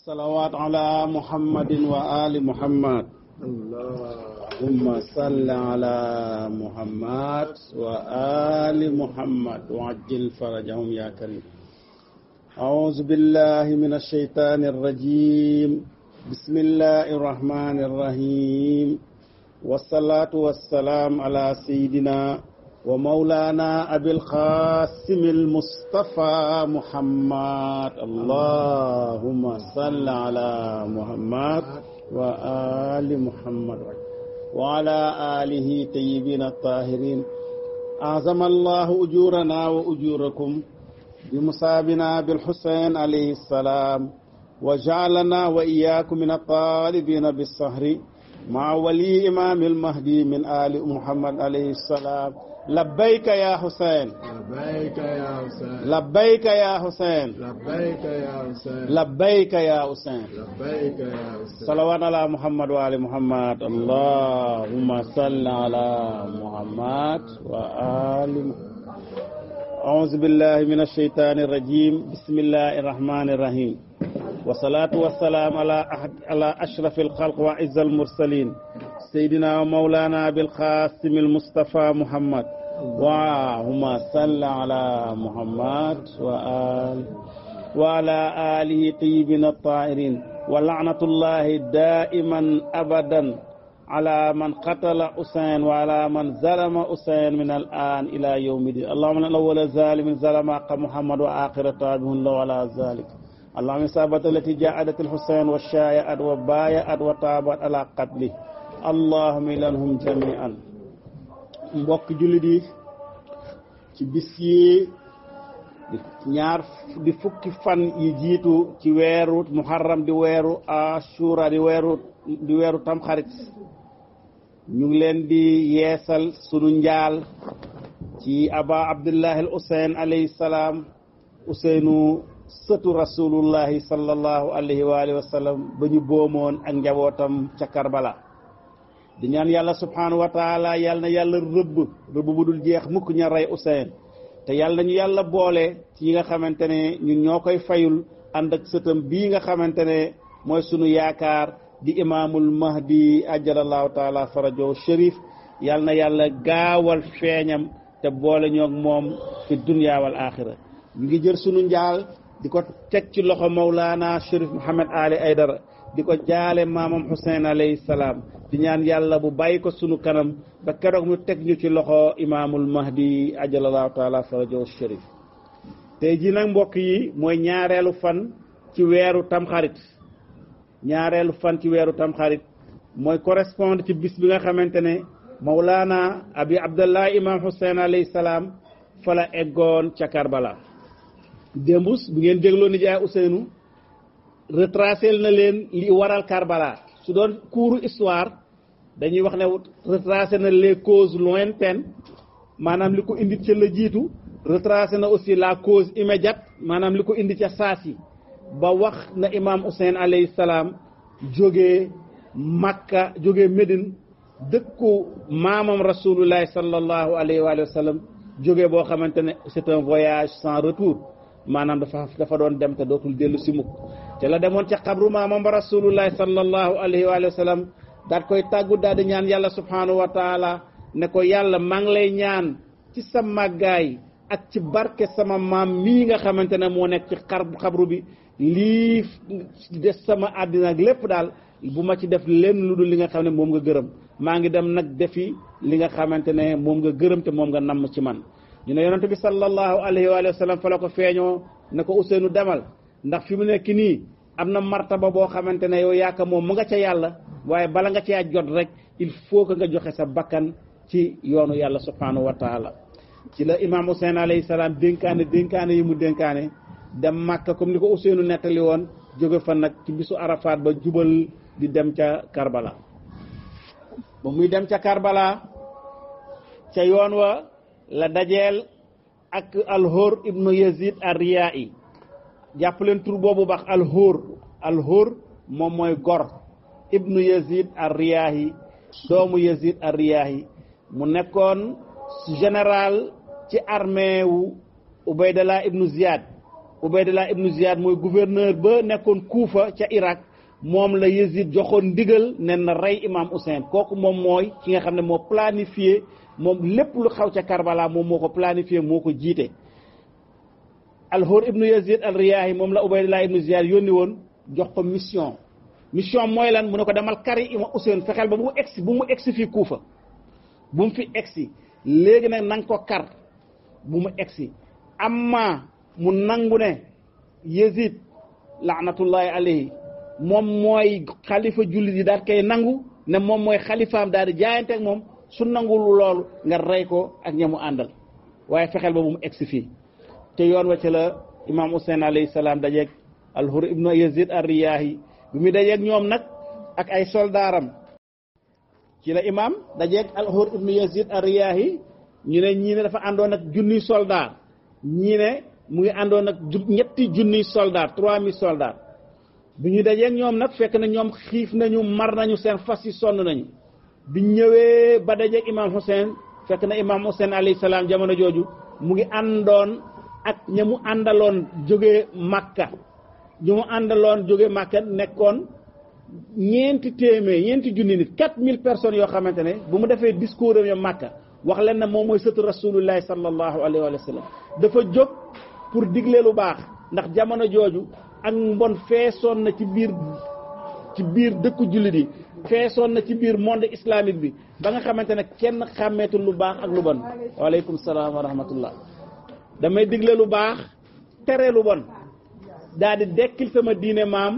salawaat ala muhammadin wa ali muhammad allahumma salli ala muhammad wa ali muhammad wa ajil farajahum ya karim أعوذ بالله من الشيطان الرجيم بسم الله الرحمن الرحيم والصلاة والسلام على سيدنا wa mawlaana abil qaasim al mustafa muhammad allahumma salli ala muhammad wa ali muhammad wa ala alihi tayyibin at-tahirin أعظم الله أجورنا وأجوركم بمصابنا بالحسين عليه السلام وجعلنا وإياكم من الطالبين بالسهر maa wali imaam al mahdi min ali muhammad alayhi salaam labbayka ya Husayn labbayka ya Husayn labbayka ya Husayn labbayka ya Husayn salawat ala muhammad wa ali muhammad allahumma salli ala muhammad wa ali muhammad a'uuzu billahi min ash-shaytaani rajiim bismillahi rahmaani rahiim والصلاة والسلام على على أشرف الخلق وعز المرسلين سيدنا ومولانا بالقاسم المصطفى محمد وهما صلى على محمد وآل وعلى آله طيبين الطاهرين ولعنة الله دائما أبدا على من قتل حسين وعلى من ظلم حسين من الآن إلى يوم الدين اللهم أن أول ظالم ظلم محمد وآخر تابع له على ذلك اللهم إصابة التي جاءت الحسين والشايعت وبايعت وتابت على قتله اللهم لهم جميعا mbokk jullit yi ci bis yi ñaar di fukki fan yi jiitu ci weeru muharram di weeru ashura di weeru tamxarit ñu ngi leen di yeesal sunu njaal ci aba abdullahi al useyn alayhi salaam useynu sëtu rasulullahi sallallahu alayhi wa alihi wa sallam ba ñu boomoon ak njabootam ca Karbala di ñaan yàlla subhanahu wa taala yàlla na yàlla rëbb rëbb bu dul jeex mukk ña rey Useyn te yàlla nañu yàlla boole ci yi nga xamante ne ñoo koy fayul ànd ak sëtam bii nga xamante ne mooy sunu yaakaar di imaamul mahdi ajalallahu taala farajo sharif yàlla na yàlla gaawal feeñam te boole ñoog moom fi dunya wal ñu ngi jël sunu njaal di ko teg ci loxo Mawlaana Chérif Mouhamed Ali Aydara di ko jaale maamam Hussein alayhi salaam di ñaan yàlla bu bàyyi ko sunu kanam ba keroog mu teg ñu ci loxo imaamul mahdi ajalallahu taala farajahu Chérif tey jii nag mbokk yi mooy ñaareelu fan ci weeru tamxarit ñaareelu fan ci weeru tamxarit mooy correspondre ci bis bi nga xamante ne Mawlaana abi abdallah imam Hussein alayhi salaam fala eggoon ca Karbala démb bu ngeen dégloo nijaay Ousseynou retracé na leen li waral Karbala su doon kuuru histoire dañuy wax ne retracé na les causes lointaines maanaam li ko indi ca la jiitu retracé na aussi la cause immédiate maanaam li ko indi ca saasi ba wax na imaam Ousseyn alayhi salaam jógee Makka jógee Médine dëkku maamam rasulullahi sallallahu alayhi wa sallam jóge boo xamante ne c'est un voyage sans retour. maanaam dafa dafa doon dem te dootul dellu si mukk te la demoon ca xabru maamam ba rasulullahi sallallahu alayhi wa sallam daat koy tàggu daal di ñaan yàlla subhanahu wa taala ne ko yàlla maa ngi lay ñaan ci sa màggaay ak ci barke sama maam mii nga xamante ne moo nekk ci xar xabru bi lii des sama àddina lépp daal bu ma ci def lenn lu dul li nga xam ne moom nga gërëm maa ngi dem nag defi li nga xamante ne moom nga gërëm te moom nga namm ci man ñu ne yonent bi sallallahu alayhi wa sallam fa la ko feeñoo na ko Ousseynou demal ndax fi mu nekk nii am na martaba boo xamante ne yow yaaka moom mu nga ca yàlla waaye bala nga caa jot rek il faut que nga joxe sa bakkan ci yoonu yàlla subhanahu wa taala ci la imaam Ousseyn alayhi salaam dénkaane dénkaane yi mu dénkaane dem màkka comme ni ko Ousseynou nettali woon jóge fa nag ci bisu Arafat ba jubal di dem ca Karbala ba muy dem ca Karbala ca yoon wa la dajeel ak alhóor ibnu yazid ar-riyaa'i jàpp leen tur boobu baax alhóor alhóor moom mooy gor ibnu yazid ar-riyaa'i doomu yazid ar-riyaa'i mu nekkoon général ci armée wu ubaydallah ibnu ziyad ubaydallah ibnu ziyad mooy gouverneur ba nekkoon kuufa ca iraq moom la yazid joxoon ndigal nen na rey imam Hussein kooku moom mooy ki nga xam ne moo planifié moom lépp lu xaw ca Karbala moom moo ko planifié moo ko jiite alxóor ibnu yazid al riyaahi moom la ubaydullah ibnu ziyaad yónni woon jox ko mission mission mooy lan mu ne ko demal kari ima Useyn fexeel ba bu mu egsi bu mu egsi fii Kuufa bu mu fi egsi léegi nag na nga ko kar bu mu egsi amma mu nangu ne yazid laanatullahi alayhi moom mooy xalifa jullit yi daal koy nangu ne moom mooy xalifaam daal di jaayante moom su nangu loolu nga rey ko ak ñamu àndal waaye fexeel ba bu mu egsi fii te yoon wa la imaam Hussein alayhi salaam dajeeg alxur ibnu yazid ar riyaahi bi mu dajeeg ñoom nag ak ay soldaaram ci la imaam dajeeg alxur ibnu yazid ar riyaahi ñu ne ñii ne dafa àndoon ak junni soldaar ñii ne mu ngi àndoon ak ñetti junniy soldaar trois mille soldaar bi ñu dajeeg ñoom nag fekk na ñoom xiif nañu mar nañu seen fas yi sonn nañu bi ñëwee ba dajeeg imaam Hussein fekk na imaam Hussein alayhi salaam jamono jooju mu ngi àndoon ak ña mu àndaloon jóge Makka ñu mu àndaloon jóge Makka nekkoon ñeenti téeméer ñeenti junni nit quatre mille personnes yoo xamante ne bu mu defee discours am ya wax leen na moom mooy sëtu rasulullahi sallallahu alayhi wa sallam dafa jóg pour digle lu baax ndax jamono jooju ak mbon feesoon na ci biir ci biir dëkku jullit yi feesoon na ci biir monde islamique bi ba nga xamante ne kenn xàmmeetul lu baax ak lu bon waaleykum salaam wa rahmatullah damay digle lu baax tere lu bon daal di dekkil sama diine maam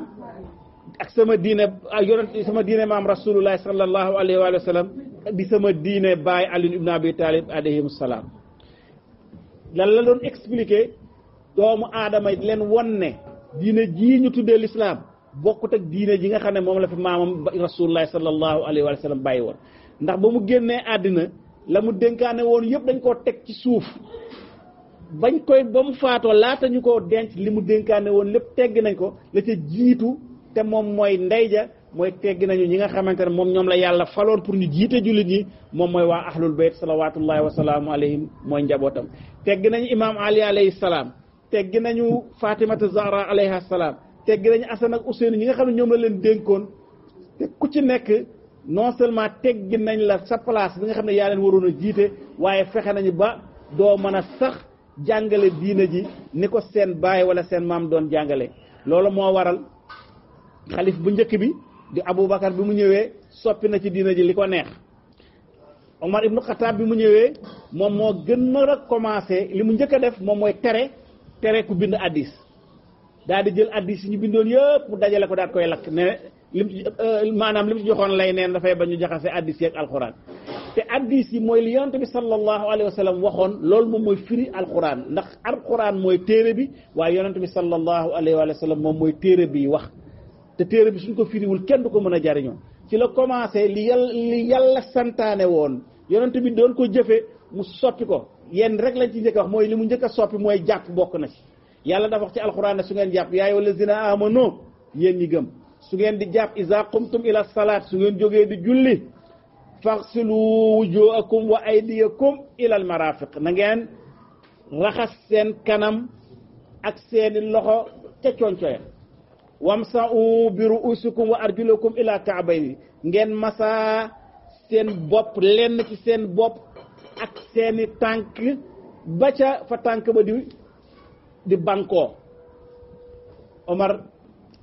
ak sama diine ak yonent sama diine maam rasulullah sallallahu alayhi wa sallam di sama diine baay Ali ibn Abi Talib alayhim salaam lan la doon expliqué doomu aadama leen won ne diine jii ñu tuddee lislaam bokkut ak diine ji nga xam ne moom la fi maamam rasulullah sallallahu alayhi wa sallam bàyyi woon ndax ba mu génnee àddina la mu dénkaane woon yëpp dañ koo teg ci suuf bañ koy ba mu faatoo laata ñu koo denc li mu dénkaane woon lépp tegg nañ ko la ca jiitu te moom mooy ndey ja mooy tegg nañu ñi nga xamante ne moom ñoom la yàlla faloon pour ñu jiite jullit ñi moom mooy waa ahlul bayt wa wasalaamu alayhim mooy njabootam tegg nañu imaam ali alayhi salaam tegg nañu fatimatu zahra salaam teggi nañu Assane ak Ousseynou ñi nga xam ne ñoom la leen dénkoon te ku ci nekk non seulement teggi nañ la sa place bi nga xam ne yaa leen waroon a jiite waaye fexe nañu ba doo mën a sax jàngale diina ji ni ko seen baay wala seen maam doon jàngale loolu moo waral xalif bu njëkk bi di Aboubacar bi mu ñëwee soppi na ci diina ji li ko neex Omar ibnu Xataab bi mu ñëwee moom moo gën a commencé li mu njëkk a def moom mooy tere tere ku bind addis daal di jël addis ñu bindoon yëpp mu dajale ko daal koy lakk ne lim euh, maanaam lim ci joxoon lay neen dafay ba ñu jaxasee addis yeeg alxuraan te addis yi mooy li yonent bi sallallahu alayhi wa sallam waxoon loolu moom mooy firi alxuraan ndax alxuraan mooy téere bi waaye yonent bi sallallahu alayhi wa sallam moom mooy téere bi wax te téere bi suñ ko firiwul kenn du ko mën a jariñoo ci la commencé li yàlla li yàlla santaane woon yonent bi doon ko jëfe mu soppi ko yenn rek lañ ci njëkk a mooy li mu njëkk soppi mooy jàpp bokk na ci yàlla dafa wax ci alxuraan su ngeen jàpp yaa ayyuhallazina amanu yéen ñi gëm su ngeen di jàpp iza qumtum ila salaat su ngeen jógee di julli faxsilu wujuhakum wa aydiyakum ila al marafiq na ngeen raxas seen kanam ak seeni loxo ca cooncoya wamsa'u bi ru'usikum wa arjulakum ila ka'bayni ngeen masa seen bopp lenn ci seen bopp ak seeni tànk ba ca fa tànk ba di di banko Omar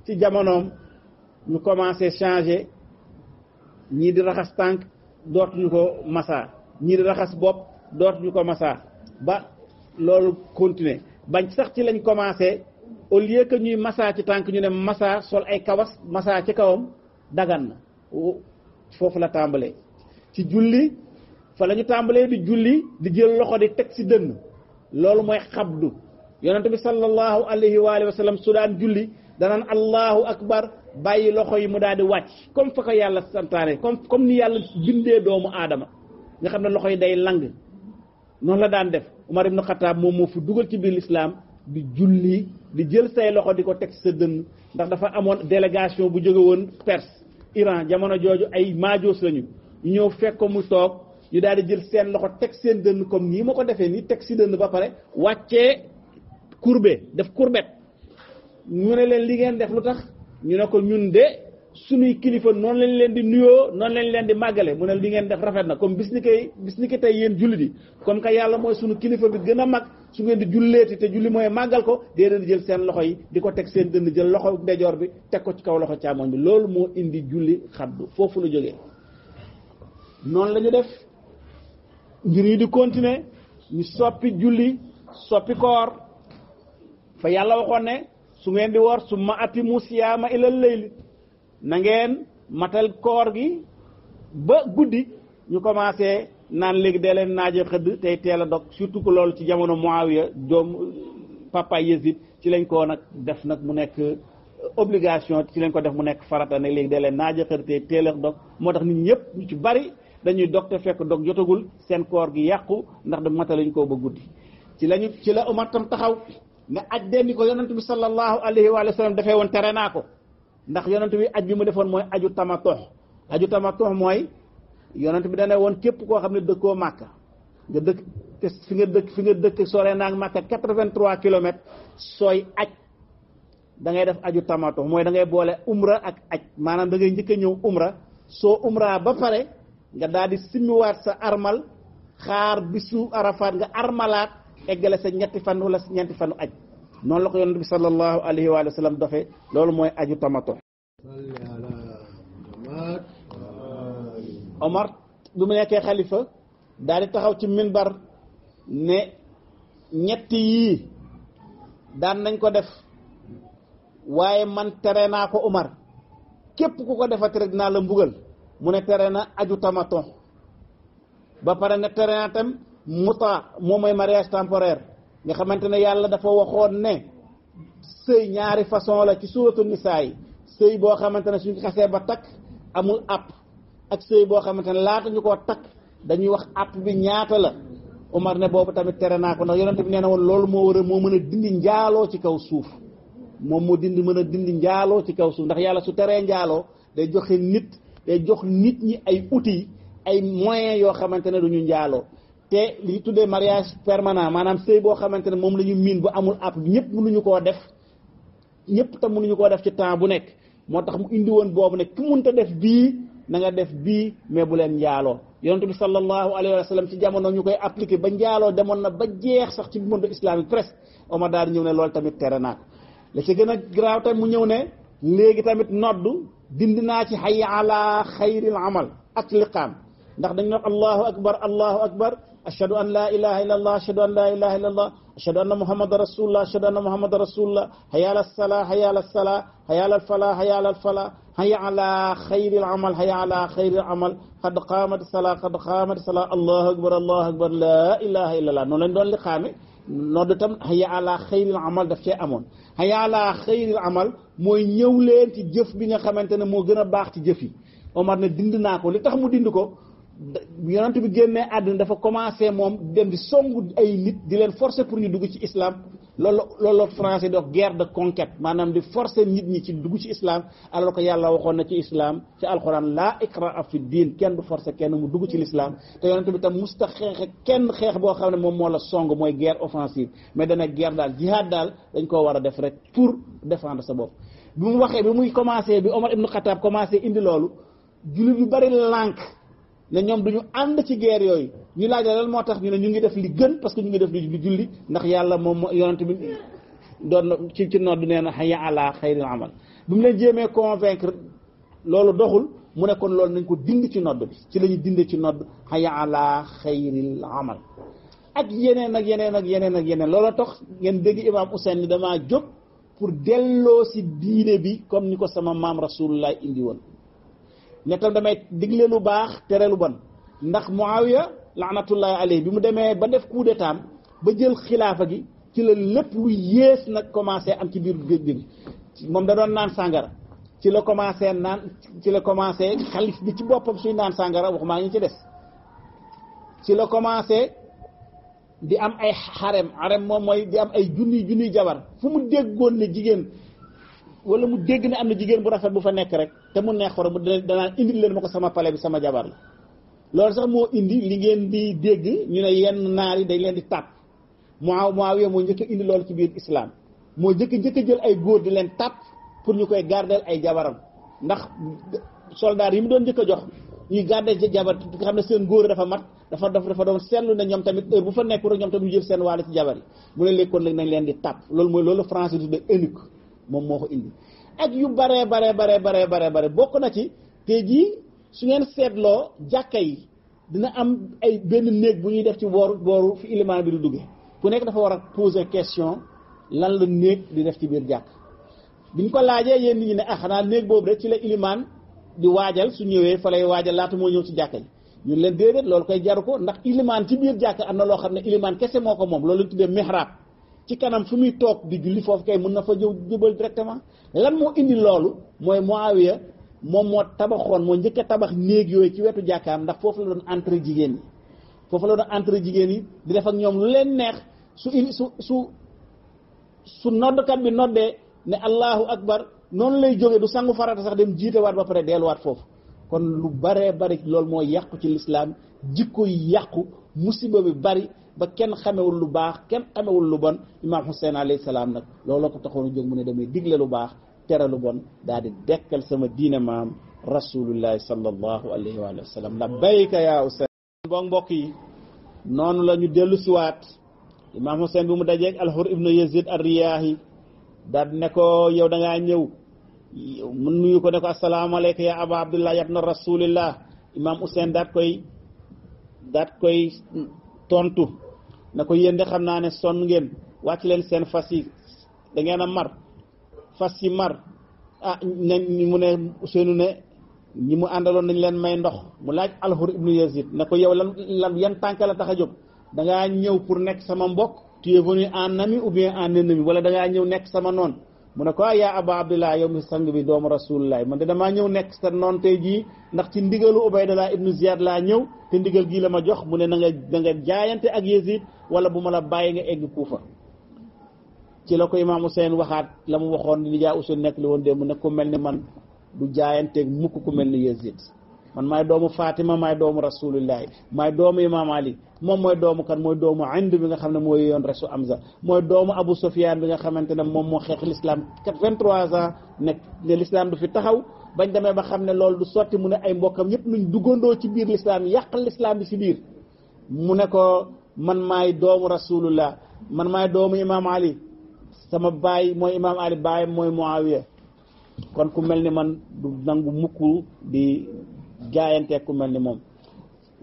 ci jamonoom ñu commencé changer ñii di raxas tànk dootuñu ko masaa ñii di raxas bopp dootuñu ko massa ba loolu continuer bañ sax ci lañ commencé au lieu que ñuy masaa ci tànk ñu ne massa sol ay kawas masaa ci kawam dagan na foofu la tàmbalee ci julli fa lañu tàmbalee di julli di jël loxo di teg ci dënn loolu mooy xabdu yonent bi sallallahu alayhi wa sallam su daan julli danaan allahu akbar bàyyi loxo yi mu daal di wàcc comme fa ko yàlla santaane comme comme ni yàlla bindee doomu aadama nga xam ne loxo yi day lang noonu la daan def Umar ibn Khattab moom moo fu dugal ci biir lislaam di julli di jël say loxo di ko teg sa dënn ndax dafa amoon délégation bu jóge woon Perse Iran jamono jooju ay maajoos lañu ñu ñëw fekk ko mu toog ñu daal di jël seen loxo teg seen dënn comme nii ma ko defee nii teg si dënn ba pare courbé def courbette mu ne leen li ngeen def lu tax ñu ne ko ñun de suñuy kilifa noonu lañ leen di nuyoo noonu lañ leen di màggale mu ne li ngeen def rafet na comme bis ni koy bis ni ko tey yéen jullit yi comme yàlla mooy suñu kilifa bi gën a mag su ngeen di julleeti te julli mooy màggal ko dee jël seen loxo yi di ko teg seen dënd jël loxo ndejoor bi teg ko ci kaw loxo càmmoñ bi loolu moo indi julli xaddu foofu la jógee noonu la def ngir yi di continuer ñu soppi julli soppi koor fa yàlla waxoon ne su ngeen di war su ma ati mu siyaama ilal layli na ngeen matal koor gi ba guddi ñu commencé naan léegi dee leen naaje xëdd tey teel a dog surtout que loolu ci jamono Muawiya doom papa Yezid ci lañ ko nag def nag mu nekk euh, obligation ci lañ ko def mu nekk farata ne léegi dee leen naaje xëdd tey teel dog moo tax nit ñëpp ñu ci bari dañuy dog te fekk dog jotagul seen koor gi yàqu ndax da mataluñ koo ba guddi ci lañu ci la Umar tam taxaw ne aj de ko yonent bi sallallahu alayhi wa sallam dafee woon tere naa ko ndax yonent bi aj bi mu defoon mooy aju tamattu aju tamattu mooy yonent bi dane woon képp koo xam ne dëkkoo màkka nga dëkk fi nga dëkk fi nga dëkk sore naag màkka quatre-vingt-trois kilomètres sooy aj da def aju tamattu mooy da ngay boole umra ak aj maanaam dangay ngay njëkk a ñëw umra soo umra ba pare nga daal di simmiwaat sa armal xaar bisu arafaat nga armalaat eggale sa ñetti fan wala sa ñeenti fanu aj noonu la ko yonent bi sallallahu alayhi wa sallam dofe loolu mooy aju tamato Omar bi mu nekkee xalifa daal di taxaw ci minbar ne ñetti yii daan nañ ko def waaye man tere naa ko Omar képp ku ko defati rek dinaa la mbugal mu ne tere na aju tamato ba pare ne tere na tam muta moom mooy mariage temporaire nga xamante ne yàlla dafa waxoon ne sëy ñaari façon la ci suratu nisaa yi sëy boo xamante ne suñ xasee ba takk amul app ak sëy boo xamante ne laata ñu koo takk dañuy wax app bi ñaata la Umar ne boobu tamit tere naa ko ndax yonente bi nee na woon loolu moo war moo mën a dindi njaaloo ci kaw suuf moom moo dindi mën a dindi njaaloo ci kaw suuf ndax yàlla su teree njaaloo day joxe nit day jox nit ñi ay outils ay moyen yoo xamante ne du njaaloo te li tuddee mariage permanent maanaam sëy boo xamante ne moom la ñu miin bu amul àpp ñëpp mënuñu koo def ñëpp tam ñu koo def ci temps bu nekk moo tax mu indi woon boobu ne ki mënta def bii nanga nga def bii mais bu leen njaaloo yonent bi sallallahu alayhi wa sallam ci jamono ñu koy appliqué ba njaaloo demoon na ba jeex sax ci monde islamique presque Omar daal ñëw ne loolu tamit tere naa ko la ci gën a graaw tamit mu ñëw ne léegi tamit noddu dindi naa ci hayya ala xayril amal ak liqaam ndax dañ ne allahu ashhadu an la ilaha illa allah ashhadu an la ilaha illa allah ashhadu anna muhammada rasulullah ashhadu anna muhammada rasulullah hayya ala salah hayya ala salah hayya ala falah hayya ala falah hayya ala khayril amal hayya ala khayril amal qad qamat salah qad qamat salah allahu akbar allahu akbar la ilaha illa allah noonu lañ doon li xaame nodd tam hayya ala xayril amal daf cee amoon hayya ala xayril amal mooy ñëw leen ci jëf bi nga xamante ne moo gën a baax ci jëf yi Omar ne dind naa ko li tax mu dind ko yonent bi génnee àdduna dafa commencé moom dem di songu ay nit di leen force pour ñu dugg ci islam loolu loolu français di wax guerre de conquête maanaam di forcer nit ñi ci dugg ci islam alors que yàlla waxoon na ci islam ci alxuraan laa ikra fi diin kenn du forcer kenn mu dugg ci l'islam te yonent bi tam musta xeex kenn xeex boo xam ne moom moo la song mooy guerre offensive mais dana guerre daal jihad daal dañ koo war a def rek pour défendre sa bopp bi bi muy commencé indi loolu ne ñoom ñu ànd ci guerre yooyu ñu laaj la moo tax ñu ne ñu ngi def li gën parce que ñu ngi def li julli ndax yàlla moom yonent bi doon ci ci nodd nee na hayya ala xayril amal bi mu leen jéemee convaincre loolu doxul mu ne kon loolu nañ ko dind ci nodd bi ci la ñu dinde ci nodd hayya ala xayril amal ak yeneen ak yeneen ak yeneen ak yeneen loolu tax ngeen dégg imaam Ousseyne ni damaa jóg pour delloo si diine bi comme ni ko sama maam rasulullah indi woon ne tam damay digle baax tere lu bon ndax Muawiya laanatullahi alayhi bi mu demee ba def coup d'état ba jël xilaafa gi ci la lépp lu yées nag commencé am ci biir géej gi moom da doon sàngara ci la commencé naan ci la commencé xalif bi ci boppam suy naan sàngara maa ngi ci des ci la commencé di am ay xarem xarem moom mooy di am ay junniy junni jabar fu mu déggoon ne jigéen wala mu dégg ne am na jigéen bu rafet bu fa nekk rek te mu neex xorom danaan indil leen ma ko sama pale bi sama jabar la loolu sax moo indi li ngeen di dégg ñu ne yenn naar yi dañ leen di tàpp Muaw Muawiya moo njëkk indi loolu ci biir islam moo njëkk jëkk jël ay góor di leen tàpp pour ñu koy gardeel ay jabaram ndax soldaar yi mu doon jëkk jox ñu gardé ci jabar nga xam ne seen góor dafa mat dafa daf dafa doon seetlu ne ñoom tamit heure bu fa nekk rek ñoom seen wàll ci jabar yi mu nañ leen di tàpp loolu mooy loolu français du de eunuque moom moo ko indi ak yu baree baree baree baree baree bare bokk na ci tey jii su ngeen seetloo jàkka yi dina am ay benn néeg bu ñuy def ci booru booru fi ilimaan bi du duggee bu nekk dafa war a poser question lan la néeg di def ci biir jàkk biñ ko laajee yéen nit ñi ne ah xanaa néeg boobu rek ci la ilimaan di waajal su ñëwee fa lay waajal laata moo ñëw ci jàkka yi ñu leen déedéet loolu koy jaru ko ndax ilimaan ci biir jàkk am na loo xam ne ilimaan kese moo ko moom loolu lañ tuddee ci kanam fu muy toog di julli foofu kay mun na fa jëw jubal directement lan moo indi loolu mooy Muawiya moom moo tabaxoon moo njëkk a tabax néeg yooyu ci wetu jàkkaam ndax foofu la doon entre jigéen yi foofu la doon entre jigéen yi di def ak ñoom lu leen neex su il su su su noddkat bi noddee ne allahu akbar noonu lay jógee du sangu farata sax dem jiitewaat ba pare delluwaat foofu kon lu baree bari loolu moo yàqu ci lislaam jikko yi yàqu musiba bi bari ba kenn xamewul lu baax kenn xamewul lu bon imaam Hussein alayhi salaam nag looloo ko taxoon a jóg mu ne damay digle lu baax tere lu bon daal di dekkal sama diine maam rasulullahi sallallahu alayhi wa sallam labbayka yaa Hussein boog mbokk yi noonu la ñu dellu siwaat imaam Hussein bi mu dajeeg alxur ibnu yazid ar riyaahi ne ko yow dangaa ñëw mu nuyu ko ne ko ya yaa aba abdullah yabna rasulillah imaam Hussein koy daat koy tontu na ko yéen de xam naa ne sonn ngeen wàcc leen seen fas yi da ngeen a mar fas yi mar ah nañ mu ne seenu ne ñi mu àndaloon nañ leen may ndox mu laaj alxur ibnu yazid na ko yow lan lan yan tànk la tax a jóg dangaa ñëw pour nekk sama mbokk tu es venu en ami ou bien en mi wala dangaa ñëw nekk sama noon mu ne ko ah yaa aba abdillah yow mi sang bi doomu rasulullah man de damaa ñëw nekk sa nonte tey jii ndax ci ndigalu ubaydallah ibnu ziyad laa ñëw te ndigal gii la ma jox mu ne na nga jaayante ak yazid wala bu ma la bàyyi nga egg kuufa ci la ko imaam Hussein waxaat la mu waxoon li jaa usul nekk li woon de mu ne ku mel ni man du jaayanteek mukk ku mel ni yazid man maay doomu Fatima maay doomu rasulillahi maay doomu Imam Ali moom mooy doomu kan mooy doomu Hind bi nga xam ne mooy yoon resu Hamza mooy doomu Abu Sufyaan bi nga xamante ne moom moo xeex l'islam vingt-trois ans nekk ne l'islam du fi taxaw bañ demee ba xam ne loolu du sotti mu ne ay mbokkam yëpp nuñ duggandoo ci biir l'islam yàq l'islam bi ci biir mu ne ko man maay doomu rasulullah man maay doomu Imam Ali sama baay mooy Imam Ali baayam mooy Muawiya kon ku mel ni man du nangu mukk di jaayanteeg ku mel ni moom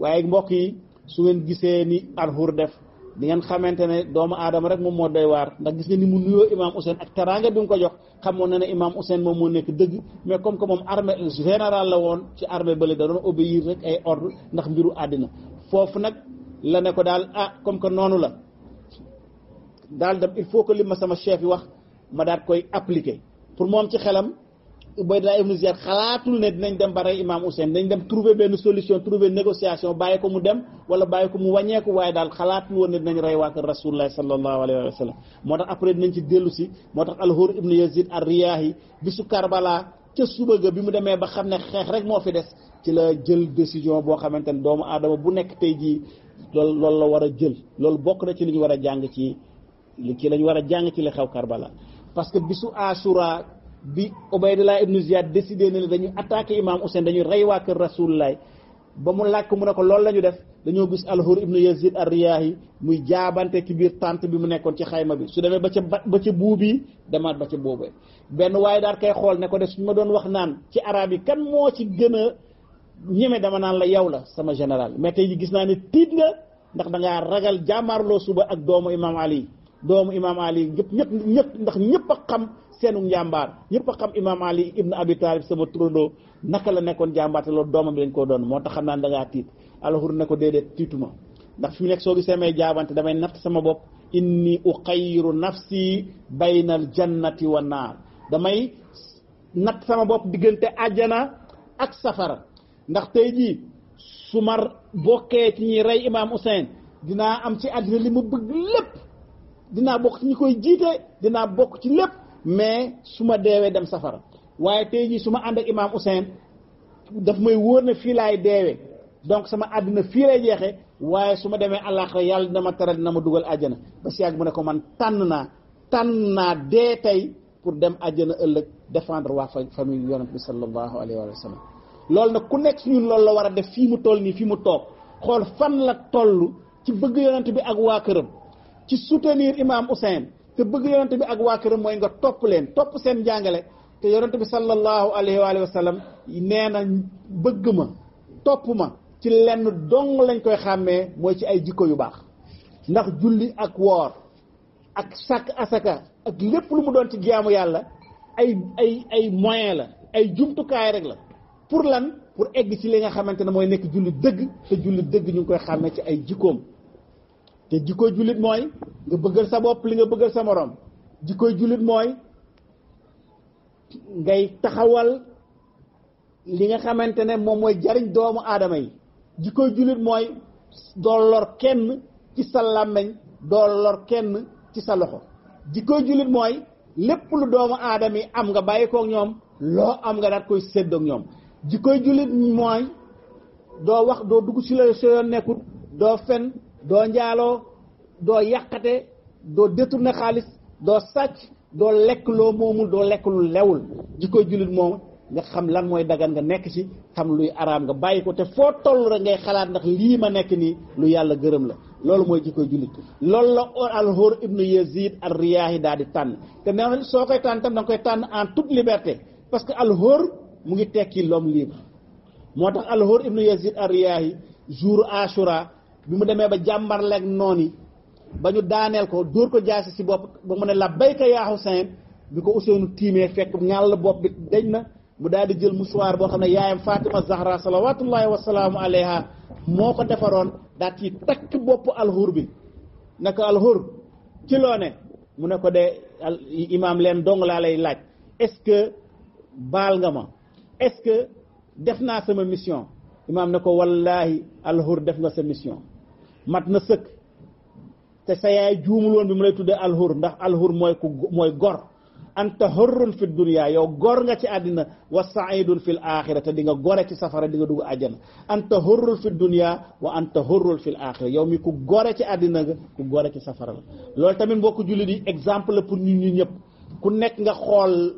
waaye mbokk yi su ngeen gisee ni alxur def di ngeen xamante ne doomu aadama rek moom moo doy waar ndax gis nga ni mu nuyoo imam Ousseyn ak teraanga bi mu ko jox xamoon na ne imam Ousseyn moom moo nekk dëgg mais comme que moom armée général la woon ci armée bële da doon obéir rek ay ordre ndax mbiru àddina foofu nag la ne ko daal ah comme que noonu la daal dem il faut que li ma sama chef yi wax ma daal koy appliquer pour moom ci xelam Ubaydullah ibnu Ziyad xalaatul ne dinañ dem ba rey Imam Hussein dañ dem trouver benn solution trouver négociation bàyyi ko mu dem wala bàyyi ko mu wàññeeku waaye daal xalaatul woon ne dinañ rey waa kër Rasulullah sallallahu alayhi wa moo tax après dinañ ci dellu moo tax Al-Hur ibnu Yazid ar-Riyahi bisu Karbala ca suba ga bi mu demee ba xam ne xeex rek moo fi des ci la jël décision boo xamante ne doomu aadama bu nekk tey jii loolu loolu la war a jël loolu bokk na ci li ñu war a jàng ci ci la war a jàng ci li xew Karbala bi Ubaydullah ibnu Ziyad décidé na ne dañu attaqué imam Hussein dañuy rey waa kër Rasulullah ba mu làkk mu ne ko loolu la ñu def dañoo gis alxur ibnu Yazid ar-Riyahi muy jaabante ci biir tànt bi mu nekkoon ci xayma bi su demee ba ca ba ca buubii demaat ba ca boobee benn waaye daal kay xool ne ko de suñu ma doon wax naan ci araab yi kan moo ci gën a ñeme dama naan la yow la sama général mais tey ji gis naa ne tiit nga ndax da ragal jàmmaarloo suba ak doomu imam Ali doomu imam Ali ñëpp ñëpp ñëpp ndax ñëpp xam seenu njàmbaar ñëpp a xam imam ali ibn abi talib sama turandoo naka la nekkoon jàmbaar te loolu doomam lañ koo doon moo tax xam naa dangaa tiit alxur ne ko déedéet tiituma ndax fu mu nekk soo gisee may jaabante damay natt sama bopp inni uxayiru nafsi baynal jannati wa naar damay natt bopp diggante àjjana ak safara ndax tey jii su ma bokkee ci ñi rey imam Ousseyn dinaa am ci àddina li ma bëgg lépp dinaa bokk ci ñi koy jiite dinaa bokk ci lépp mais su ma deewee dem safara waaye tey jii su ma ànd ak imaam Ousseyn daf may wóor ne fii laay deewee donc sama àddina fii lay jeexee waaye su ma demee àllaaxira yàlla dina ma tere dina ma dugal àjjana ba si yàgg mu ne ko man tànn naa tànn naa dee tey pour dem àjjana ëllëg défendre waa famille yonent bi sallallahu alayhi wa sallam loolu nag ku nekk si ñun loolu la war a def fii mu toll nii fii mu toog xool fan la toll ci bëgg yonent bi ak waa këram ci soutenir imaam Ousseyn te bëgg yonent bi ak waa këram mooy nga topp leen topp seen njàngale te yonent bi sallallahu alayhi wa sallam nee na bëgg ma topp ma ci lenn dong lañ koy xàmmee mooy ci ay jikko yu baax ndax julli ak woor ak sàkk asaka ak lépp lu mu doon ci jaamu yàlla ay ay ay moyen la ay jumtukaay rek la pour lan pour egg ci li nga xamante ne mooy nekk julli dëgg te julli dëgg ñu ngi koy xàmmee ci ay jikkoom te jikkoy jullit mooy nga bëggal bopp li nga bëggal sa morom jikkoy jullit mooy ngay taxawal li nga xamante ne moom mooy jariñ doomu aadama yi jikkoy jullit mooy doo lor kenn ci sa làmmiñ doo lor kenn ci sa loxo jikkoy jullit mooy lépp lu doomu aadama yi am nga bàyyi koog ñoom loo am nga daat koy seddak ñoom jikkoy jullit mooy doo wax doo dugg si la sa yoon nekkut doo fen doo njaaloo doo yàqate doo détourné xaalis doo sàcc doo lekk loo moomul doo lekk lu lewul jikkoy jullit moom nga xam lan mooy dagan nga nekk ci xam luy araam nga bàyyi ko te foo toll rek ngay xalaat ndax lii ma nekk nii lu yàlla gërëm la loolu mooy jikkoy jullit loolu la al-Hurr ibnu Yazid ar-Riyahi daal di tànn te nee soo koy tànn tam da koy tànn en toute liberté parce que al mu ngi tekki l'homme libre moo tax al-Hurr ibnu Yazid ar-Riyahi jour bi mu demee ba jàmbarleeg noon yi ba ñu daaneel ko dóor ko jaasi si bopp ba mu ne la béyka yaa Xuseyn bi ko Useynu tiimee fekk ñàll bopp bi dañ na mu daal di jël musuwaar boo xam ne yaayam Fatima Zahra salawatullahi wasalaamu alayha moo ko defaroon daal ci takk boppu alxur bi ne ko alxur ci loo ne mu ne ko de imaam leen dong laa lay laaj est-ce que baal nga ma est-ce que def naa sama mission imaam ne ko wallahi alxur def nga sa mission mat na sëkk te sa yaay juumul woon bi mu lay tuddee alxur ndax alxur mooy ku mooy gor anta xorrun fi dunia yow gor nga ci àddina wa saidun fil axira te di nga gore ci safara di nga dugg àjjana anta xorrun fi dunia wa anta fil axira yow mi ku gore ci àddina ku gore ci safara la loolu tamit mbokku jullit yi exemple pour ñun ñi ñëpp ku nekk nga xool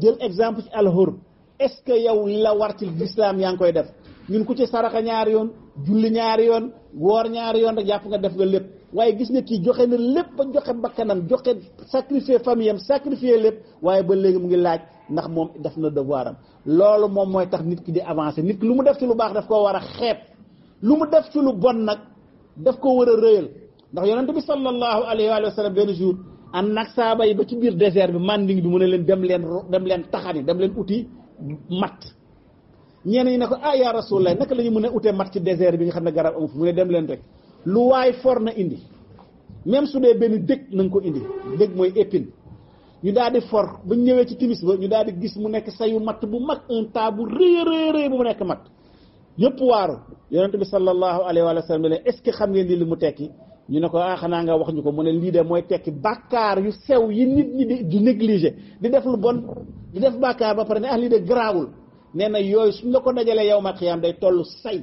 jël exemple ci alxur est-ce que yow la war ci lislaam yaa ngi koy def ñun ku ci saraxa ñaari yoon julli ñaari yoon woor ñaari yoon jàpp nga def nga lépp waaye gis nga kii joxe na lépp ba joxe bakkanam joxe sacrifier famille am sacrifier lépp waaye ba léegi mu ngi laaj ndax moom def na devoir am loolu moom mooy tax nit ki di avancer nit ki lu mu def ci lu baax daf koo war a xeeb lu mu def ci lu bon nag daf ko war a rëyal ndax yonent bi sallallahu alayhi wa sallam benn jour ànd ak saaba yi ba ci biir désert bi manding bi mu ne leen dem leen dem leen taxani dem leen uti mat ñenn ñi ne ko ah yaa rasulallah naka la ñu mën a utee mat ci désert bi nga xam ne garab amu fu mu ne dem leen rek lu waay for na indi même su dee benn dëkk na nga ko indi dëkk mooy épine ñu daal di for ba ñëwee ci timis ba ñu daal di gis mu nekk sayu matt bu mag un tas bu rëy rëy rëy bu mu nekk matt ñëpp waaru yonent bi sallallahu alayhi wa sallam ne est ce que xam ngeen lii li mu tekki ñu ne ko ah xanaa nga wax ñu ko mu ne lii de mooy tekki bàkkaar yu sew yi nit ñi di di négligé di bon di def bàkkaar ba pare ne ah lii de nee na yooyu suñ la ko dajalee yow ma xiyaam day toll say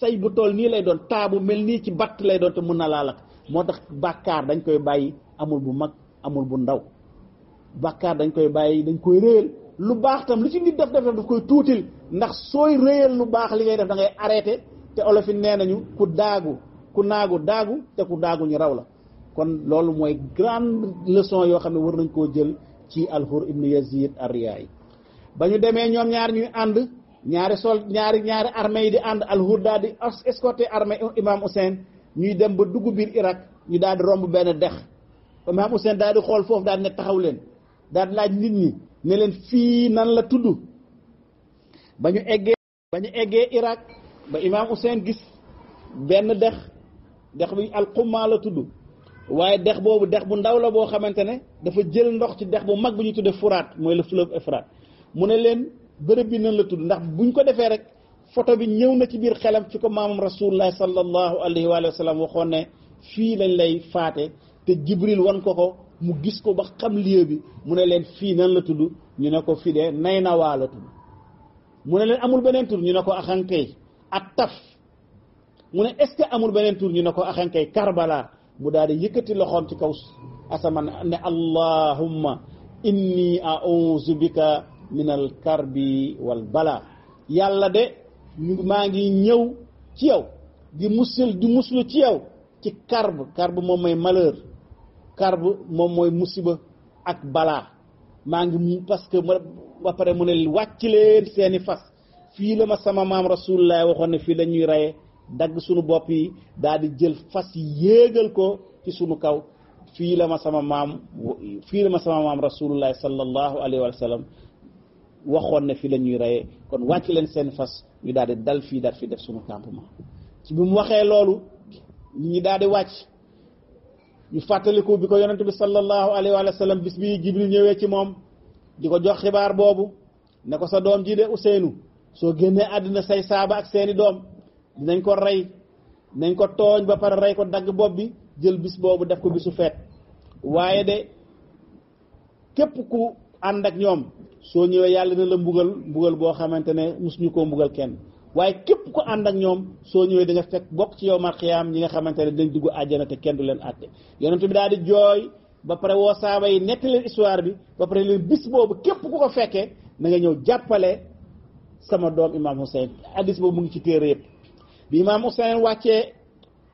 say bu toll nii lay doon taabu mel nii ci batt lay doon te mën na laa lakk moo tax bàkkaar dañ koy bàyyi amul bu mag amul bu ndaw bàkkaar dañ koy bàyyi dañ koy réyal lu baax tam lu ci nit def def daf koy tuutil ndax sooy réyal lu baax li ngay def da ngay arrêté te olof yi nee nañu ku daagu ku naagu daagu te ku daagu ñu raw la kon loolu mooy grande leçon yoo xam ne wër nañ koo jël ci alxur ibnu yazid arriyaay ba ñu demee ñoom ñaar ñuy ànd ñaari sol ñaari ñaari armée yi di ànd alhurda di escorté armée imam Hussein ñuy dem ba dugg biir Irak ñu daal di romb benn dex imam Hussein daal di xool foofu daal di ne taxaw leen daal di laaj nit ñi ne leen fii nan la tudd ba ñu eggee ba ñu eggee Irak ba imam Hussein gis benn dex dex bi alxummaa la tudd waaye dex boobu dex bu ndaw la boo xamante ne dafa jël ndox ci dex bu mag bu ñu tuddee Furaat mooy le fleuve Efrate mu ne leen bërëb bi nan la tudd ndax buñ ko defee rek photo bi ñëw na ci biir xelam fi ko maamam rasulullah sallallahu alayhi wa sallam waxoon ne fii lañ lay faate te jibril wan ko ko mu gis ko ba xam lieu bi mu ne leen fii nan la tudd ñu ne ko fi de nay na waa la tudd mu ne leen amul beneen tur ñu ne ko axankay ak taf mu ne est-ce que amul beneen tur ñu ne ko axankay karbala mu daal di yëkkati loxoom ci kaw asamaan ne allahumma inni a'uuzu bika minal karbi wal bala yàlla de maa ngi ñëw ci yow di musal di muslu ci yow ci karb karb moom mooy malheur karb moom mooy musiba ak balaa maa ngi parce que ba pare mu ne wàcc leen seeni fas fii la ma sama maam rasulullah waxoon ne fii la ñuy reye dagg sunu bopp yi daal di jël fas yi yéegal ko ci sunu kaw fii la ma sama maam fii la ma sama maam rasulullah sallallahu alayhi wa sallam waxoon ne fii la ñuy reyee kon wàcc leen seen fas ñu daal di dal fii daal fi def suñu campement ci bi mu waxee loolu nit ñi daal di wàcc ñu fàttaliku bi ko yonent bi sallallahu alayhi wa sallam bis bi jibril ñëwee ci moom di ko jox xibaar boobu ne ko sa doom ji de Ousseynou soo génnee àddina say saaba ak seeni doom dinañ ko rey dinañ ko tooñ ba pare rey ko dagg bopp bi jël bis boobu def ko bisu feet waaye de képp ku ànd ak ñoom soo ñëwee yàlla dina la mbugal mbugal boo xamante ne mosuñu koo mbugal kenn waaye képp ko ànd ak ñoom soo ñëwee di nga fekk bokk ci yow ma xiyaam ñi nga xamante ne dañ dugg àjjana te kenn du leen àtte yonent bi daal di jooy ba pare woo saaba yi netti leen histoire bi ba pare leen bis boobu képp ku ko fekkee na nga ñëw jàppale sama doom imaam Hussein addis boobu mu ngi ci téere yëpp bi imaam Hussein wàccee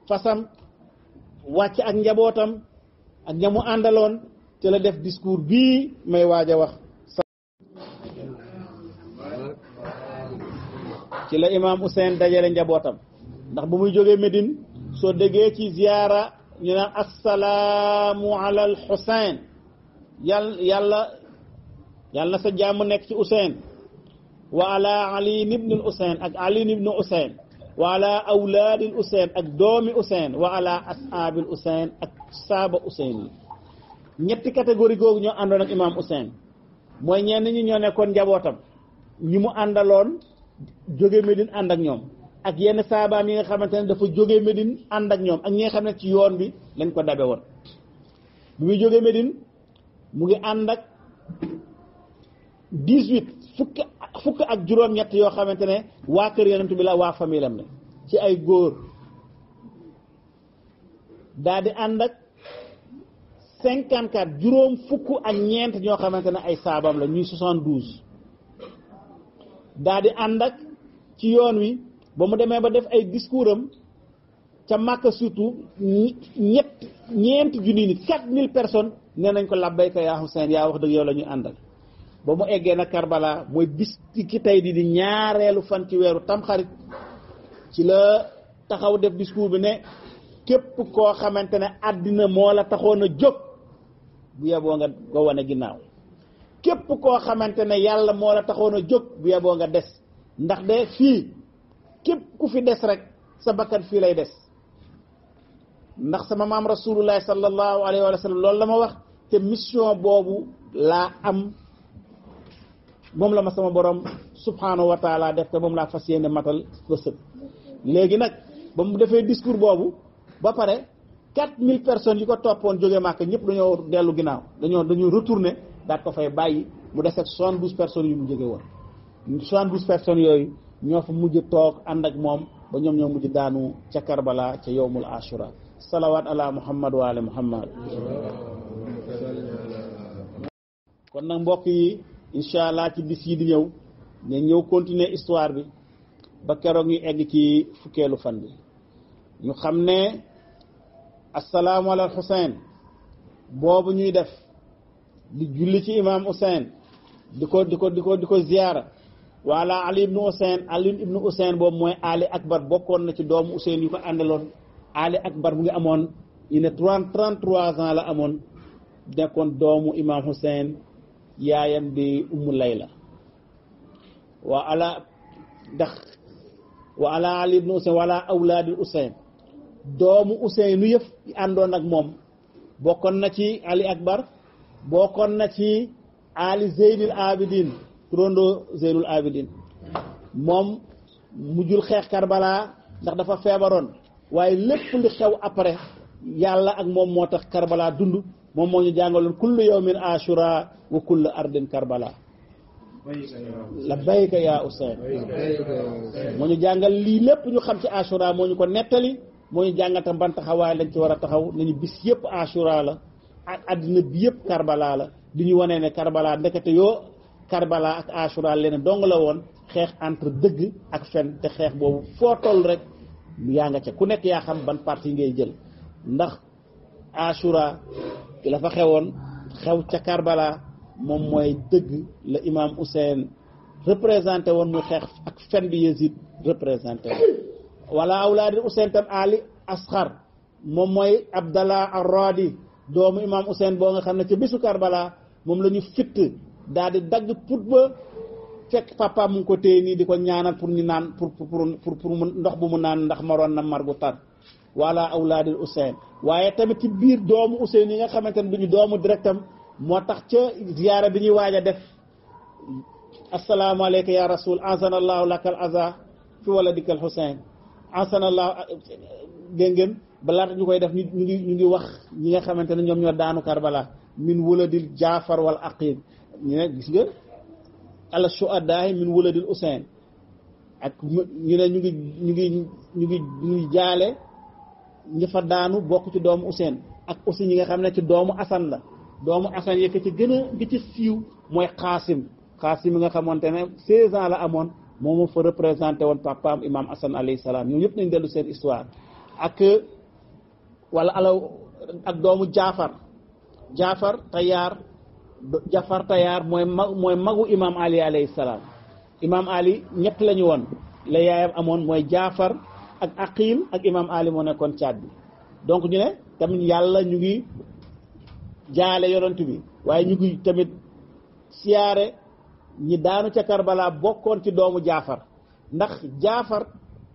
fasam wàcce ak njabootam ak ñamu àndaloon ci la def discours bii may waaj a wax ci la imaam Ousseyn dajale njabootam ndax bu muy jógee Médine soo déggee ci ziyaara ñu assalaamu ala al Xuseyn yàlla yàlla yàlla na sa jàmm nekk ci Ousseyn wa ala ali ibnul Ousseyn ak ali ibnu Ousseyn wa ak doomi Ousseyn wa ala ashaabil Ousseyn ak saaba Ousseyn ñetti catégorie googu ñoo àndoon ak imaam Ousseyn mooy ñeen ñi ñoo nekkoon njabootam ñi mu àndaloon jóge Medine ànd ak ñoom ak yenn saabaam yi nga xamante ne dafa jóge Medine ànd ñoom ak ñi nga xam ne ci yoon bi lañ ko dabe woon bu muy jóge Medine mu ngi ànd ak dix-huit fukk fukk ak juróom-ñett yoo xamante ne waa kër yonent bi la waa famille ne ci ay góor daa di ànd ak cinquante quatre juróom fukk ak ñeent ñoo xamante ne ay saabam la ñuy soixante douze daal di ànd ak ci yoon wi ba mu demee ba def ay discours am ca Màkka surtout ñett ñeent junni nit quatre mille personnes nee nañ ko labbayka yaa Hussein yaa wax dëgg yow la ñuy àndal ba mu eggee na Karbala mooy bis ki tey di di ñaareelu fan ci weeru tamxarit ci la taxaw def discours bi ne képp koo xamante ne àddina moo la taxoon a jóg bu yeboo nga ko wane ginnaaw képp koo xamante ne yàlla moo la taxoon a jóg bu yeboo nga des ndax de fii képp ku fi des rek sa bakkan fii lay des ndax sama maam rasulullahi sallallahu alayhi wa sallam loolu la ma wax te mission boobu laa am moom la ma sama borom subhanahu wa taala def te moom laa fas yéene matal ba sëg léegi nag ba mu defee discours boobu ba pare quatre mille personnes yi ko toppoon jóge màkk ñëpp dañoo dellu ginnaaw dañoo dañoo retourné daat ko fay bàyyi mu des ak soixante douze personnes yu mu jóge woon soixante douze personnes yooyu ñoo fa mujj toog ànd ak moom ba ñoom ñoo mujj daanu ca Karbala ca yowmul ashura salawaat ala muhammad wa ala muhammad kon nag mbokk yi incha allah ci bis yi di ñëw ne ñëw continuer histoire bi ba keroog ñu egg ci fukkeelu fan bi ñu xam ne assalaamu ala xuseyn boobu ñuy def di julli ci imaam Ousseyn di ko di di ko di ko ziyaara wala ali ibnu Ousseyn ali ibnu Ousseyn boobu mooy ali akbar bokkoon na ci doomu Ousseyn yu ko àndaloon ali akbar mu ngi amoon ñu ne trente trente la amoon nekkoon doomu imaam Ousseyn yaayam di ummu layla wa ala wa ala ali ibnu Ousseyn wala awlaadi Ousseyn doomu Ousseynou yëf àndoon ak moom bokkoon na ci Ali Akbar bokkoon na ci Ali Zeynil Abidin turandoo Zeynul Abidin moom mujjul xeex Karbala ndax dafa feebaroon waaye lépp li xew après yàlla ak moom moo tax Karbala dund moom moo ñu jàngaloon kullu yawmin ashura wa kullu ardin Karbala labbayka yaa Ousseynou moo ñu jàngal lii lépp ñu xam ci ashura moo ñu ko nettali mooy jàngatam ban taxawaay lañ ci war a taxaw nañu bis yëpp Ashura la ak àddina bi yëpp Karbala la di ñu wanee ne Karbala ndekete yoo Karbala ak Ashura leneen dong la woon xeex entre dëgg ak fen te xeex boobu foo toll rek yaa nga ca ku nekk yaa xam ban parti ngay jël ndax Ashura la fa xewoon xew ca Karbala moom mooy dëgg la imaam Hussein représenté woon mu xeex ak fen bi Yazid représenté woon wala awlaadi usentan ali asxar moom mooy abdallah arradi doomu imam usen boo nga xam ne ci bisu karbala moom la ñu fitt daal di dagg put ba fekk mu ngi ko nii di ko ñaanal pour ñu naan pour pour pour mu ndox bu mu naan ndax maroon na mar gu tar wala awlaadil waaye tamit ci biir doomu useyn yi nga xamante ne duñu doomu directam moo tax ca ziyaara bi ñuy waaj a def asalaamaaleyka ya rasul anzanallahu lakal aza fi wala dikal huseyn ansanallah dégg ngeen balaata ñu koy def ñu ngi ñu ngi wax ñi nga xamante ne ñoom ñoo daanu balaa min wuladil Jaafar wal Aqil ñu ne gis nga ala shuhadaa'i min wuladil Usayn ak ñu ñu ngi ñu ngi ñu ngi ñu ngi jaale ñi daanu bokk ci doomu Usayn ak aussi ñi nga xam ne ci doomu assan la doomu Asan yekk ci gën a ngi ci siiw mooy Xaasim Xaasim yi nga xamante ne 16 ans la amoon moo ma fa représenté woon papaam imam Hassan alayhi salaam ñoom ñëpp nañ dellu seen histoire ak wala alaw ak doomu Jaafar Jaafar Tayaar Jaafar Tayaar mooy mag mooy magu imam Ali alayhi salaam Ali ñett la woon la yaayam amoon mooy Jaafar ak Aqil ak imam Ali moo nekkoon caat bi donc ñu ne tamit yàlla ñu ngi jaale yonent bi waaye ñu ngi tamit siyaare ñi daanu ca Karbala bokkoon ci doomu Jaafar ndax Jaafar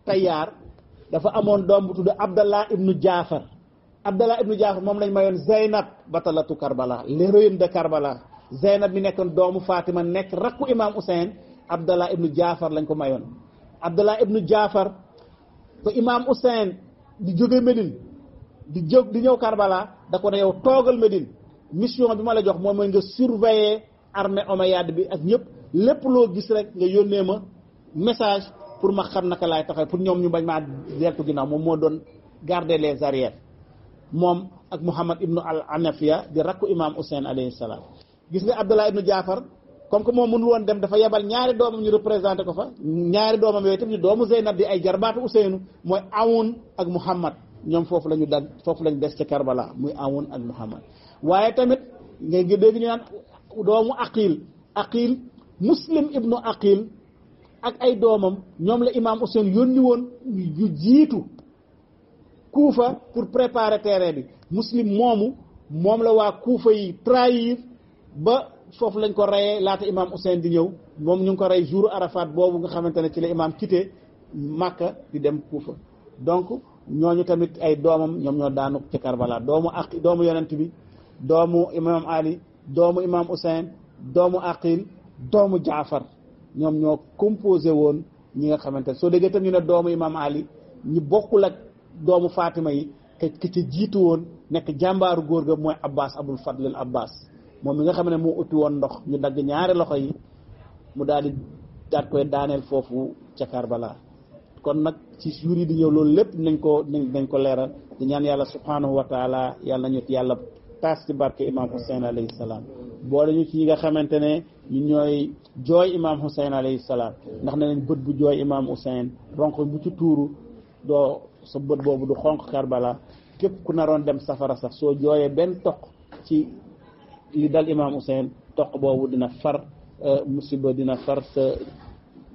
Tayyaar dafa amoon doom bu tudd Abdallah ibnu Jaafar Abdallah ibnu Jaafar moom lañ mayoon Zeynab batalatu Karbala l'héroïne de Karbala Zeynab mi nekkoon doomu Fatima nekk rakku imaam Ousseyn Abdallah ibnu Jaafar lañ ko mayoon Abdallah ibnu Jaafar ba imaam Ousseyn di jóge Médine di jóg di ñëw Karbala da ko ne yow toogal Médine mission bi ma la jox moom ma nga surveiller armée omeyyade bi ak ñëpp lépp loo gis rek nga yónnee ma message pour ma xam naka laay taxaw pour ñoom ñu bañ maa deltu ginnaaw moom moo doon garder les arrières moom ak Muhammad ibnu al Anafiya di rakku imam Hussein alayhi salaam gis nga Abdullah ibnu Jaafar comme que moom mënul woon dem dafa yebal ñaari doomam ñu représenté ko fa ñaari doomam yooyu tam ñu doomu Zeynab di ay jarbaatu Ousseynou mooy Awun ak Muhammad ñoom foofu la ñu dagg foofu la des ca Karbala muy Awun ak Muhammad waaye tamit doomu aqil aqil muslim ibnu aqil ak ay doomam ñoom la imaam Hussein yónni woon ñu jiitu kuufa pour préparer terrain bi muslim moomu moom la waa kuufa yi trahir ba foofu lañ ko reyee laata imaam Hussein di ñëw moom ñu ngi ko rey jour Arafat boobu nga xamante ne ci la imaam quitté Makka di dem kuufa donc ñooñu tamit ay doomam ñoom ñoo daanu ci Karbala doomu ak doomu yonent bi doomu imaam Ali doomu imam Ousseyn doomu Aqil doomu Jaafar ñoom ñoo composé woon ñi nga xamante soo déggee tam ñu ne doomu imam Ali ñu bokkul ak doomu Fatima yi te ci jiitu woon nekk jàmbaaru góor ga mooy Abbas Abul Fadlil Abbas moom mi nga xam ne moo uti woon ndox ñu dagg ñaari loxo yi mu daal di daat koy daaneel foofu ca Karbala kon nag ci suur yi di ñëw loolu lépp nañ ko nañ ko leeral di ñaan yàlla subhanahu wa taala yàlla nañu yàlla taas ci barke imam Hussein alayhi salaam boole ñu ci ñi nga xamante ne ñu ñooy jooy imam Hussein alayhi salaam ndax ne nañ bët bu jooy imam Hussein ronk bu ci tuuru doo bët boobu du xonq Karbala képp ku naroon dem safara sax soo jooyee benn toq ci li dal imam Hussein toq boobu dina far euh, musiba dina far sa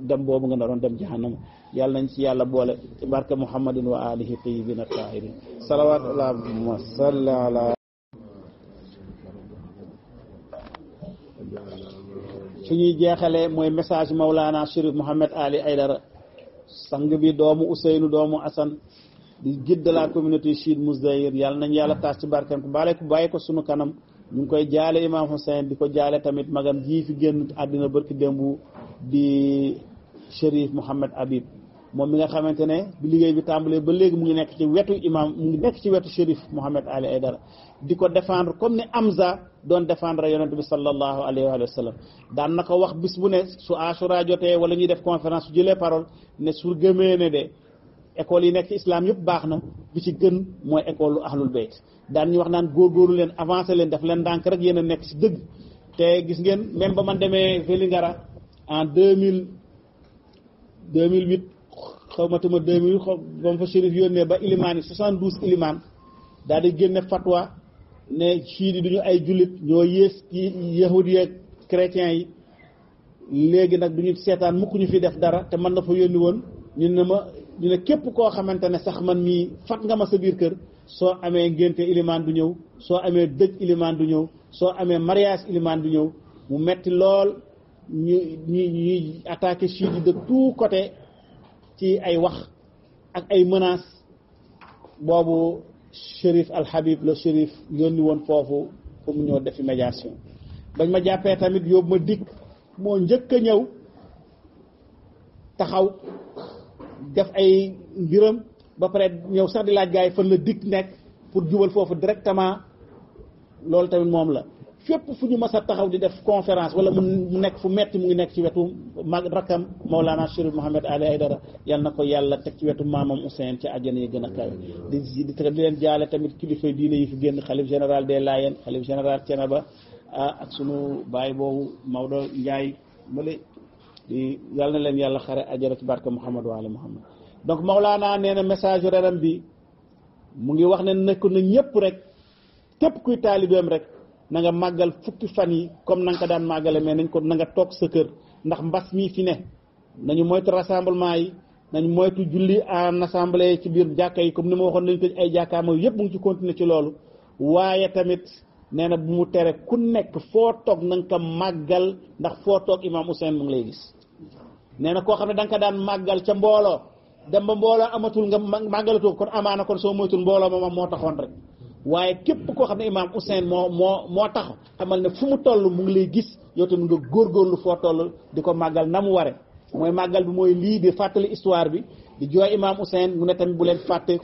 dem boobu nga naroon dem jahannama yàlla nañ ci yàlla boole ci barke muhammadin wa alihi tayyibin at tahirin salawatullah wa sallam fi ñuy jeexalee mooy message Maulana Chérif Mouhamed Ali Aydara sang bi doomu Ousseynou doomu Assane di guide de la communauté chiite Mouzayir yàlla nañ yàlla taas ci barkeem ko baale bàyyi ko sunu kanam ñu ngi koy jaale Imam Hussein di ko jaale tamit magam jii fi génn àddina barki démb di Chérif Mouhamed Habib moom mi nga xamante ne bi liggéey bi tàmbalee ba léegi mu ngi nekk ci wetu imam mu ngi nekk ci wetu shérif Mouhamed ay dara di ko défendre comme ni Amza doon défendre yonent bi sallallahu alayhi wa sallam daan na wax bis bu ne su asura jotee wala ñuy def conférence su jëlee parole ne su gëmee ne de école yi nekk ci islam yëpp baax na bi ci gën mooy école lu ahlul bayt daan ñu wax naan góoru leen avancé leen daf leen ndànk rek yéen a nekk ci dëgg te gis ngeen même ba man demee Vélingara en deux mille deux mille huit xaw ma tama deux mille xaw ma fa shérif yónnee ba ilimaan yi soixante douze ilimaan daal di génne fatwa ne chiites yi duñu ay jullit ñoo yées yahudi yeeg chrétiens yi léegi nag duñu seetaan mukk ñu fi def dara te man dafa yónni woon ñu ne ma ñu ne képp koo xamante ne sax man mii fat nga ma sa biir kër soo amee ngénte ilimaan du ñëw soo amee dëj ilimaan du ñëw soo amee mariage ilimaan du ñëw mu metti lool ñu ñu ñuy attaqué chiites yi de tout côté ci ay wax ak ay menaces boobu shérif alxabib la shérif yónni woon foofu pour mu ñëw defi médiation bañ ma jàppee tamit yóbbu ma dikk moo njëkk a ñëw taxaw def ay mbiram ba pare ñëw sax di laaj gars yi fan la dikk nekk pour jubal foofu directement loolu tamit moom la fépp fu ñu mas a taxaw di def conférence wala mu nekk fu metti mu ngi nekk ci wetu mag rakkam Maulana Chérif Mouhamed Ali Aydara yal na ko yàlla teg ci wetu maamam Ousseyn ci àjjana yi gën a kawe di di leen jaale tamit kilifa diine yi fi génn xalif général des Layènes xalif général Thiénaba ak sunu baay boobu Maodo Ndiaye mële di yal na leen yàlla xare àjjana ci barke Mouhamed wa ali Mouhamed donc Maulana nee na message reram bi mu ngi wax ne nekk na ñëpp rek képp kuy taalibeem rek. na màggal fukki fan yi comme nanga ko daan màggale mais nañ ko na nga toog sa kër ndax mbas mii fi ne nañu moytu rassemblement yi nañ moytu julli en assemblée ci biir jàkka yi comme ni ma waxoon nañ ko ay jàkkaama yëpp mu ngi ci continuer ci loolu waaye tamit nee na bu mu tere ku nekk foo toog na nga màggal ndax foo toog imaam Ousseyn mu ngi lay gis nee na koo xam ne da nga ko daan màggal ca mbooloo dem ba mbooloo amatul nga màggalatoo kon amaana kon soo moytul mbooloo moom moo taxoon rek waaye képp koo xam ne imaam Ousseyn moo moo moo tax amal ne fu mu toll mu ngi lay gis yow tamit nga lu foo toll di ko màggal na mu ware mooy màggal bi mooy lii di fàttali histoire bi di jooy imaam Ousseyn mu ne tamit bu leen fàtte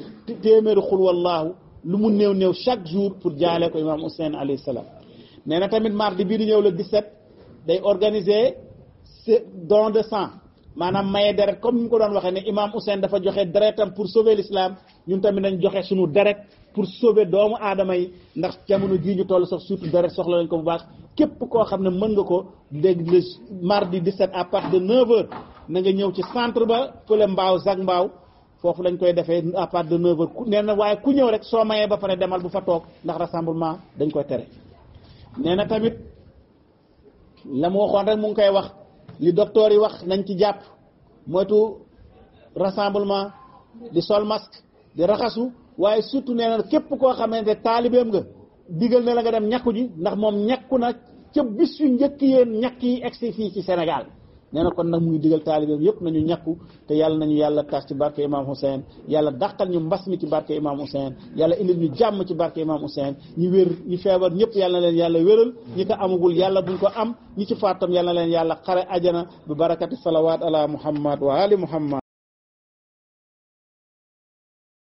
téeméeri xul wallaahu lu mu néew néew chaque jour pour jaale ko imaam Ousseyn alayhi salaam nee na tamit mardi bii di ñëw le 17 day organiser don de sang maanaam maye deret comme ni mu ko doon waxee ne imaam Ousseyn dafa joxe deretam pour sauver l'islam ñun tamit nañ joxe suñu deret pour sauver doomu aadama yi ndax jamono jii ñu toll sax surtout deret soxla lañ ko bu baax képp koo xam ne mën nga ko dégg le mardi 17 à partir de 9h na nga ñëw ci centre ba fële mbaaw zag mbaaw foofu lañ koy defee à partir de 9 ku nee na waaye ku ñëw rek soo mayee ba pare demal bu fa toog ndax rassemblement dañ koy tere. nee na tamit la mu waxoon rek mu ngi koy wax li docteur yi wax nañ ci jàpp moytu rassemblement di sol masque di raxasu. waaye surtout nee na képp koo xamante taalibeem nga digal na la nga dem ñàkku ji ndax moom ñàkku na ca bis yu njëkk yéen ñàkk yi egsi fii ci Sénégal nee na kon nag mu ngi digal taalibeem na ñu ñàkku te yàlla nañu yàlla tas ci barke Imam Hussein yàlla dàqal ñu mbas mi ci barke Imam Hussein yàlla indil ñu jàmm ci barke Imam Hussein ñu wér ñu feebar ñëpp yàlla leen yàlla wéral ñi ko amagul yàlla buñ ko am ñi ci faatam yàlla leen yàlla xare ajana bi barakati salawaat ala muhammad wa ali muhammad